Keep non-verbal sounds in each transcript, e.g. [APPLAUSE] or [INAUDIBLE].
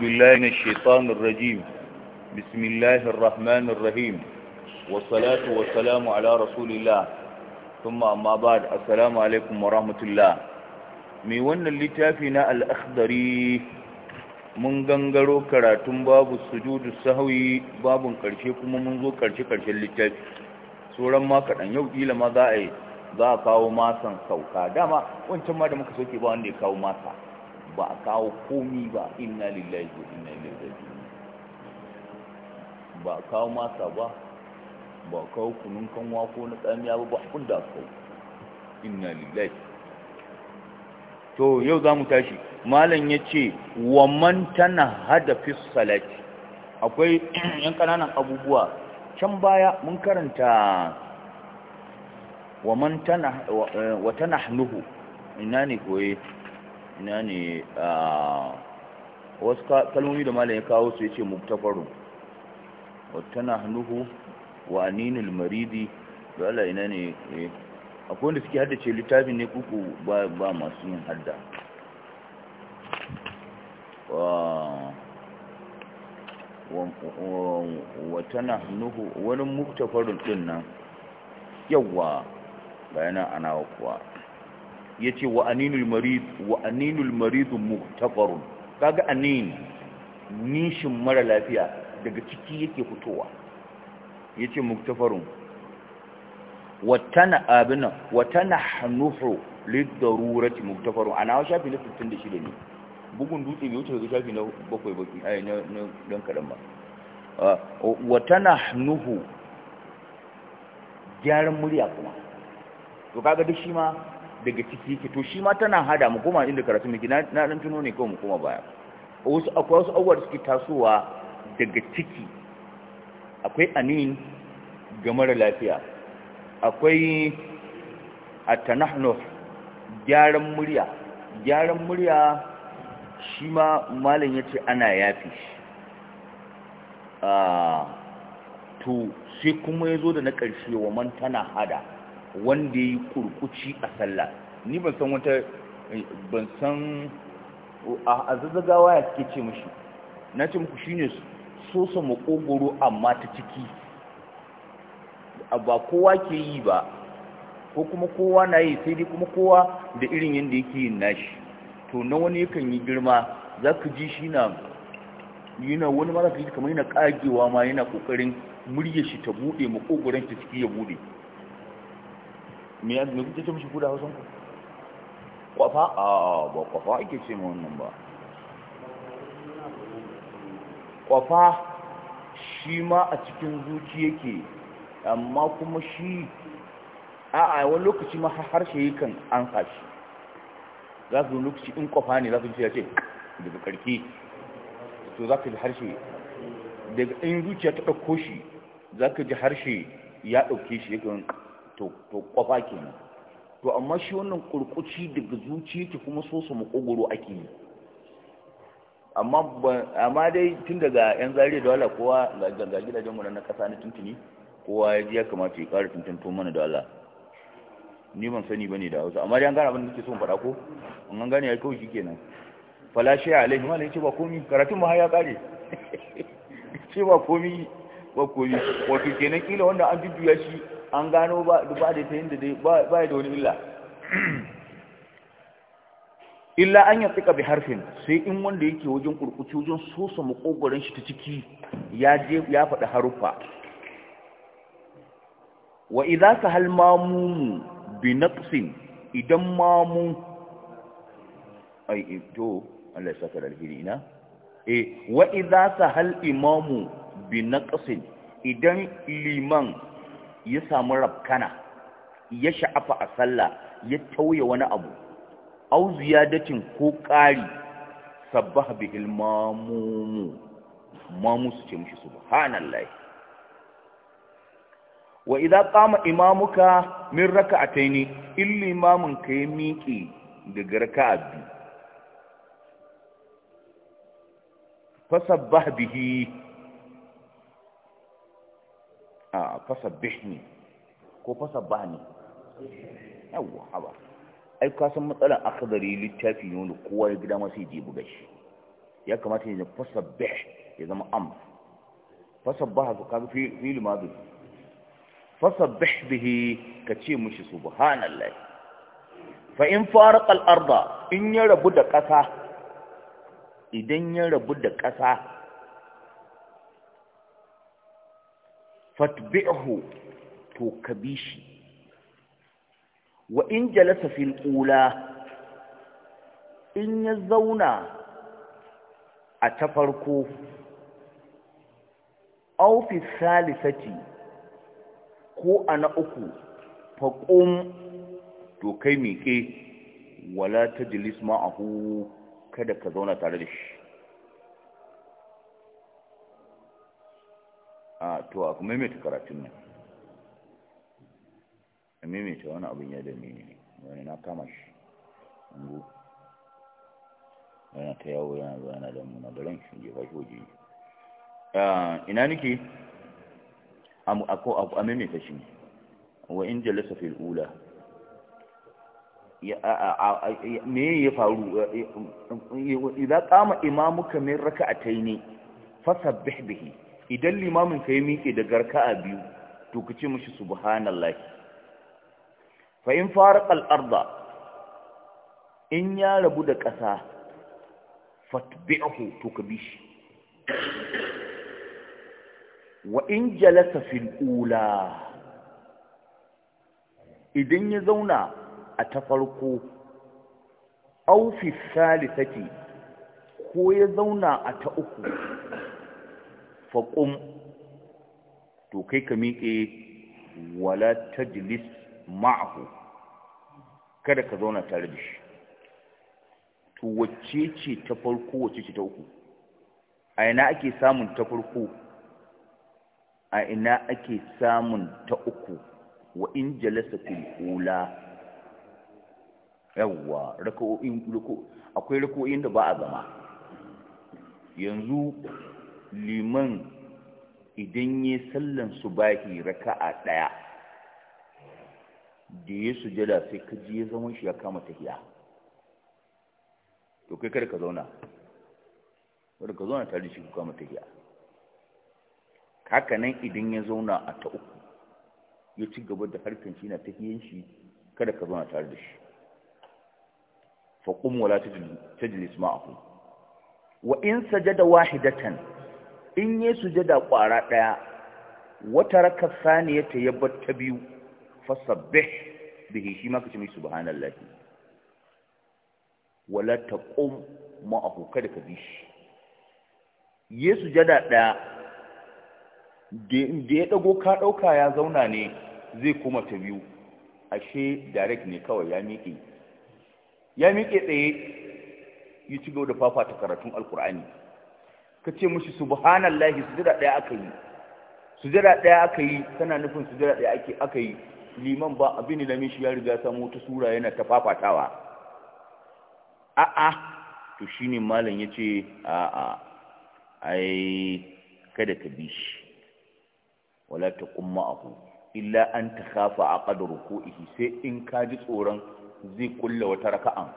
بالله من الشيطان الرجيم بسم الله الرحمن الرحيم والصلاة والسلام على رسول الله ثم أما بعد السلام عليكم ورحمة الله mai wannan littafi na al'akhdari mun gangaro karatun babu sujudu sahawi babun karshe kuma mun zo karshe-karshen littafi sauran ma kaɗan yau ƙila ma za a yi za a kawo masan sauka dama wancan ma da muka soke ba wanda ya kawo masa ba a kawo komi ba inna lillahi wa inna ilaihi raji'un ba a kawo masa ba ba a kawo kunun kanwa ko na tsamiya ba ba abin da aka inna lillahi to yau za mu tashi malam ya ce wa man tana hada fi salati akwai [CLEARS THROAT] yan ƙananan abubuwa can baya mun karanta wa man tana wa eh, tana hnuhu ina ne koye ina ne wasu kalmomi da malam ya kawo su ya ce muktafaru na hannuhu wa aninul maridi da ala ina ne e, akwai wanda suke haddace littafin ne kuku ba masu yin hadda wata na nuhu wani muktafaru din nan yawwa bayanan ana kuwa ce wa aninul marid wa aninul marid muhtafarun kaga anin nishin mara lafiya daga ciki yake fitowa Wa tana watana abina watana hanuhu lidarurati A ana shafi na 66 ne bugun dutse bai wuce daga shafi na bakwai baki ai na don kadan ba watana hanuhu gyaran murya kuma to kaga duk shi ma daga ciki yake to shi ma tana hada mu koma inda karatu miki. na dan tuno ne kawai mu koma baya wasu akwai wasu abubuwa da suke tasowa daga ciki akwai anin ga mara lafiya akwai atanahnu gyaran murya gyaran murya shi ma malam yace ana yafi shi ah, to sai kuma yazo da na ƙarshe wa man tana hada wanda ya yi kurkuci a sallah ni ban san wata ban san a zazzagawa ya suke ce mashi na ce muku shi ne sosa makogoro amma ta ciki ba kowa ke yi ba ko kuma kowa na yi sai dai kuma kowa da irin yadda yake yin nashi to na wani yakan yi girma za ka ji shi na yana wani mara ka kamar yana kagewa ma yana kokarin murya shi ta bude makogoron ta ciki ya bude me ya me kuke ce mishi ku da Hausan ku kwafa a ba kwafa ake ce mu wannan ba kwafa shi ma a cikin zuci yake amma kuma shi a a wani lokaci ma harshe yakan an sashi za su lokaci in kwafa ne za su ce ce daga karke to za ka ji harshe daga in zuciya ta ɗauko shi za ka ji harshe ya ɗauke shi yakan to kwafa kenan to amma shi wannan kurkuci daga zuci ta kuma so su makogoro ake yi amma dai tun daga yan zariya da wala kowa ga gidajen mu na kasa na tuntuni kowa ya ji ya kamata ya ƙara tuntunto mana da Allah ni ban sani bane da Hausa amma dai an gane abin da nake so in faɗa ko an gane ya kawai shikenan fala shi alaihi malai ce ba komi karatun ma ya ƙare [LAUGHS] ce ba komi bakoyi wato kenan kila wanda an jujjuya shi an gano ba ba da ta yadda ba ba da wani illa [CLEARS THROAT] illa an ya tsika bi harfin sai in wanda yake wajen kurkuci wajen sosa makogoron shi ta ciki ya je ya faɗi haruffa wa idza hal mamumu bi naqsin idan mamu ai to Allah ya saka da alheri ina eh wa idza hal imamu bi naqsin idan liman ya samu rabkana ya sha'afa a sallah ya tauye wani abu au ziyadatin ko ƙari sabba bihil mamumu mamu su ce mishi subhanallahi wa idza qama imamuka min raka'ataini illi imamun ka ya miƙe daga raka'a biyu sabbah bihi a fasabbihni ko fasa fasabbani yawa haba ai ka san matsalar akhdari littafi ne wanda kowa ya gida masa yaje buga shi ya kamata fasa fasabbih ya zama am fasabbaha to kaga fi fi Fasa fasabbih bihi ka kace mushi subhanallahi fa in faraqa al-arda in ya rabu da ƙasa idan ya rabu da ƙasa fatbi'hu to ka bi shi wa in jalasa fil ula in ya zauna a ta farko aw fi salisati ko a na uku faqum to kai miƙe wala tajlis ma'ahu kada ka zauna tare da shi a to a kuma maimaita karatun nan a maimaita wani abin ya dame ne wani na kama shi angu yana ta yawo yana zuwa yana damuna da ran shi ba shi waje ina nake a maimaita shi wa in jale fil ula me ya faru idan kama ta min ne fasa bihbihi. idan limamin ka ya miƙe da garka a biyu to ka ce mashi subhanallahi fa in farqa arda in ya rabu da ƙasa fatbi'ahu to ka bi shi wa in jalasa fil ula idan ya zauna a ta farko aw fi ko ya zauna a ta uku faƙum to kai ka miƙe wala jilis ma'ahu kada ka zauna tare da shi to wacce ce ta farko wacce ce ta uku a ina ake samun ta farko a ina ake samun ta uku wa in jalasa fil ula yawwa raka'o'in akwai raka'o'in da ba a zama yanzu liman idan ya sallan su raka raka'a ɗaya da ya sujada sai ka ji ya zama shi ya kama tafiya. to kai kada ka zauna kada ka zauna tare da shi ku kama tafiya. haka nan idan ya zauna a ta uku ya ci gaba da harkan shi na tahiyan shi kada ka zauna tare da shi faƙumwala ta wala tajlis ma'ahu wa in sajada wahidatan in ya sujada ƙwara ɗaya wata raka saniya ta yabbar ta biyu fasabbih bihi shi maka kace mai lafi wala taqum ma'ahu da ka shi ya sujada ɗaya da ya ɗago ka ɗauka ya zauna ne zai kuma ta biyu ashe direct ne kawai ya miƙe ya miƙe tsaye ya ci gaba da fafata karatun alkur'ani ka ce mushi subhanallahi sujada ɗaya aka yi sujada ɗaya aka yi tana nufin sujada ɗaya ake aka yi liman ba abin da mishi ya riga samu wata sura yana ta fafatawa a'a to shine malam yace a'a ai kada ka bi shi wala taqum ma'ahu illa an takhafa aqad ruku'ihi sai in ka ji tsoron zai kulla wata raka'an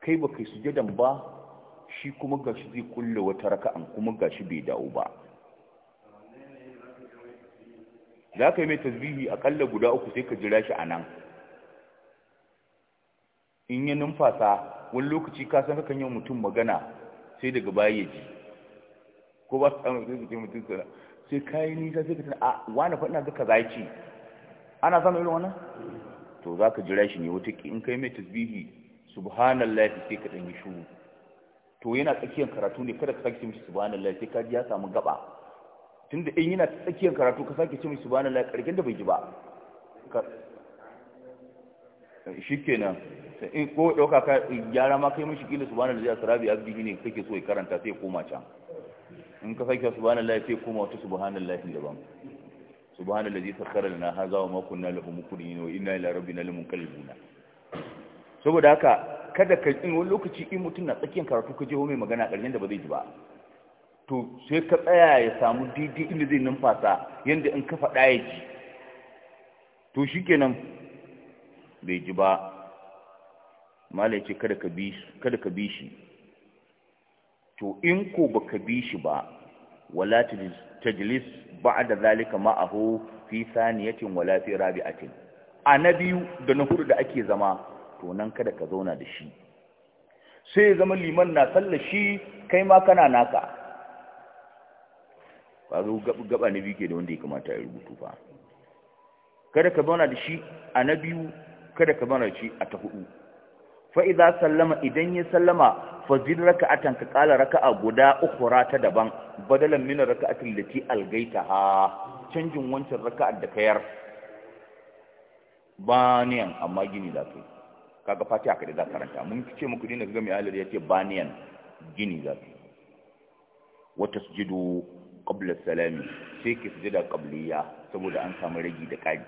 kai ba kai sujadan ba shi kuma gashi zai kulle wata raka'an kuma gashi bai dawo ba za ka yi mai tasbihi akalla guda uku sai ka jira shi a nan in yi numfasa wani lokaci ka san kakan yi mutum magana sai daga baya ji ko ba su samun sai mutum mutum sana sai kayi nisa sai ka tana a wani faɗina ga za ce ana samun irin wannan to za ka jira shi ne wata in kai mai tasbihi subhanallah sai ka ɗan yi shuru to yana tsakiyar karatu ne kada ka sake ce mishi subhanallahi sai ka ji ya samu gaba tunda in yana tsakiyar karatu ka sake ce mishi subhanallahi karkin da bai ji ba shikenan in ko dauka ka gyara ma kai mishi kila subhanallahi asrabi azbihi ne kake so ya karanta sai koma can in ka sake subhanallahi sai koma wata subhanallahi daban subhanallazi sakhkhara lana hadha wa ma kunna lahu muqrinin wa inna ila rabbina lamunqalibuna saboda haka kada ka in wani lokaci in mutum na tsakiyar karatu ka je mai magana ƙarshen da ba zai ji ba to sai ka tsaya ya samu daidai inda zai numfasa yadda in ka faɗa ya ji to shi kenan bai ji ba ya ce kada ka bi shi to in ko ba ka bi shi ba wala ta jilis ba da zalika ma'ahu fi saniyacin wala fi rabi'atin a na biyu da na hudu da ake zama to nan kada ka zauna da shi sai zama liman na sallar shi kai ma kana naka ba zo gaba na biyu ke da wanda ya kamata ya rubutu fa kada ka zauna da shi a na biyu kada ka zauna da shi a ta hudu fa'iza sallama idan ya sallama fazil raka atan ka kala raka a guda ukura ta daban badalan mina raka atin da algaita ha canjin wancan raka da kayar ba amma gini za kai kaga fatiha kada za karanta mun ce muku dina kaga mai alar ya ce baniyan gini za su wata sujudu qabla salami sai ki sujada qabliya saboda an samu ragi da ƙari.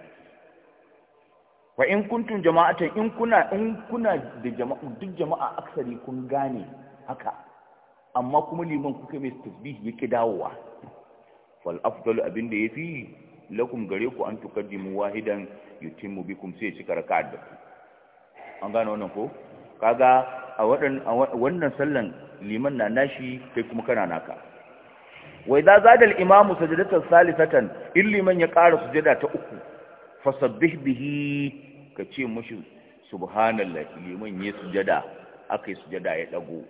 wa in kuntum jama'atan in kuna in kuna da jama'a duk jama'a aksari kun gane haka amma kuma liman kai mai tasbih yake dawowa fal afdalu abinda yafi lakum gare ku an tukaddimu wahidan yutimmu bikum sai cika raka'at da ku an gane wannan ko kaga a wannan sallan liman na nashi kai kuma kana naka wai da zada al-imamu sajdatan salisatan illi man ya ƙara sujada ta uku fasabbih bihi ka ce mushi subhanallahi liman ya sujada akai sujada ya dago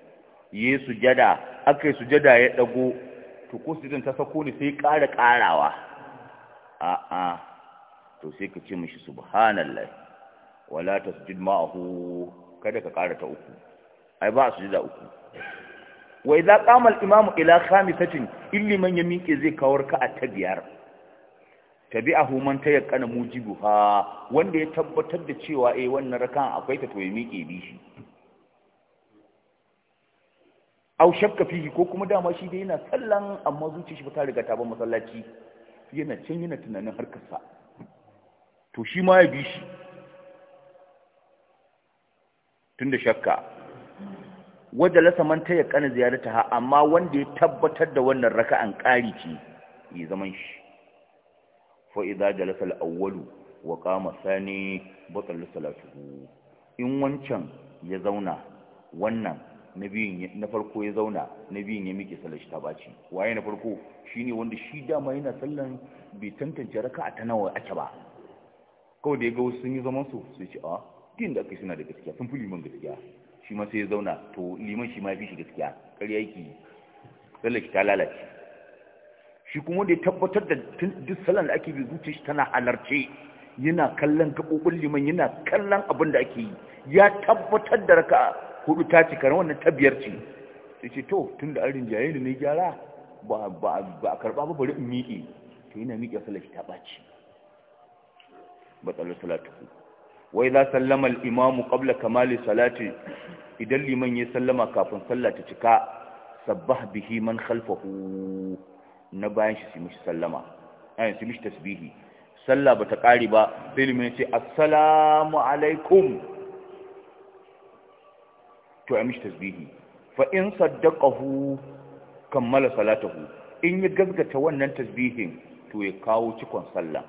ya sujada akai sujada ya dago to ko sujadan ta sako ne sai ƙara ƙarawa a'a to sai ka ce mushi subhanallahi wala tasjid ma'ahu kada ka karata uku ai ba sujada uku wa idza qama al-imam ila khamisatin illi man yamike zai kawar ka a ta biyar tabi'ahu man tayakkana mujibuha wanda ya tabbatar da cewa eh wannan rakan akwai ta to ya bi shi aw shakka fihi ko kuma dama shi dai yana sallan amma zuci shi ba ta riga ta ba masallaci yana can yana tunanin harkarsa to shi ma ya bi shi tun da shakka wadda lasa manta ya ziyarata ha amma wanda ya tabbatar da wannan raka'an ƙari ce yi zaman shi fa idza jalasa al-awwalu wa qama sani batal salatuhu in wancan ya zauna wannan na na farko ya zauna na biyun ya miƙe sallar shi ta baci waye na farko shine wanda shi dama yana sallan bai tantance raka'a ta nawa ake ba kawai da ya ga wasu sun yi zaman su sai ce a din da aka suna da gaskiya sun fi liman gaskiya shi ma sai ya zauna to liman shi ma fi shi gaskiya kar yake lalle ki ta lalace shi kuma da ya tabbatar da duk salon da ake bi zuciya shi tana halarce yana kallon gaɓoɓin liman yana kallon abin da ake yi ya tabbatar da raka hudu ta cika wannan ta biyar ce sai ce to tun da an rinjaye ni na gyara ba a karɓa ba bari in miƙe to yana miƙe shi ta ɓaci matsalar salatu wai za sallama al'imamu ƙabla kamali salati idan liman ya sallama kafin sallah cika sabbah bihi man khalfahu na bayan shi su mishi sallama ayin eh, su mishi tasbihi sallah ba ta ƙari ba sai ya ce assalamu alaikum to a mishi tasbihi fa in kammala salatahu in ya gaskata wannan tasbihin to ya kawo cikon sallah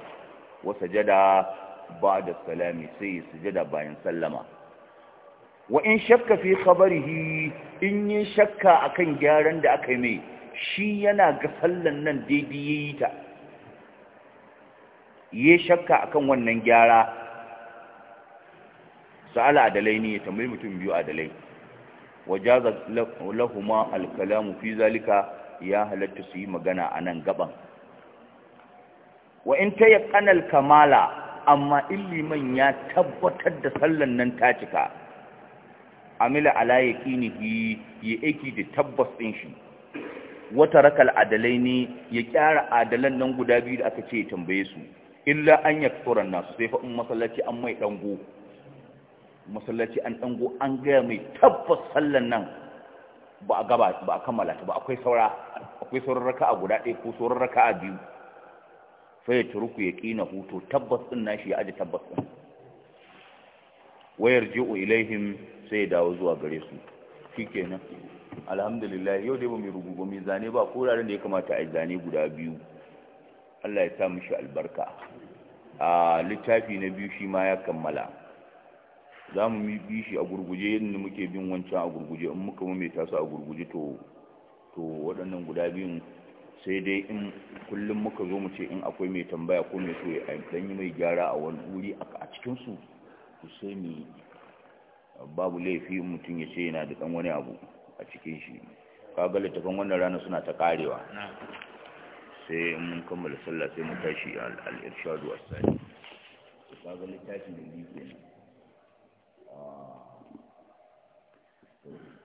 wa jada. Ba da salami sai ya sujada bayan sallama wa in shakka fi khabarihi in yi shakka akan gyaran da aka yi mai shi yana ga sallan nan daidai yayi ta yi shakka akan wannan gyara sa'ala adalai ne ya tambayi mutum biyu adalai wajaza lahuma alkalamu fi zalika ya halatta su yi magana a nan gaban wa in ta yaƙanar kamala amma illiman ya tabbatar da sallan nan ta cika amila ala yaqinihi ya aiki da tabbas din shi wata rakal adalai ne ya kyara adalan nan guda biyu da aka ce ya tambaye su illa an yakfuran nasu sai fa in masallaci an mai dango masallaci an dango an gaya mai tabbas sallan nan ba a gaba ba a kammala ta ba akwai saura akwai sauran raka'a guda ɗaya ko sauran raka'a biyu Waya ta turku ya kina hutu tabbas din nashi ya aje tabbas din wayar ji'u ilaihim sai dawo zuwa gare su shikenan alhamdulillah yau dai ba mai ba mai zane ba ko da ya kamata a zane guda biyu Allah ya sa mishi albarka a littafi na biyu shi ma ya kammala za mu bi shi a gurguje yadda muke bin wancan a gurguje in muka mamaita su a gurguje to waɗannan guda biyun sai dai in kullum muka zo mu ce in akwai mai tambaya ko mai soye a ɗan yi mai gyara a wani wuri a cikinsu? su ku sai mu babu laifi mutum ya ce yana da dan wani abu a cikin shi kaga littafin wannan rana suna ta karewa sai mun kammala sallah sai mu tashi al-irshadu as-sani kaga littafin da yake a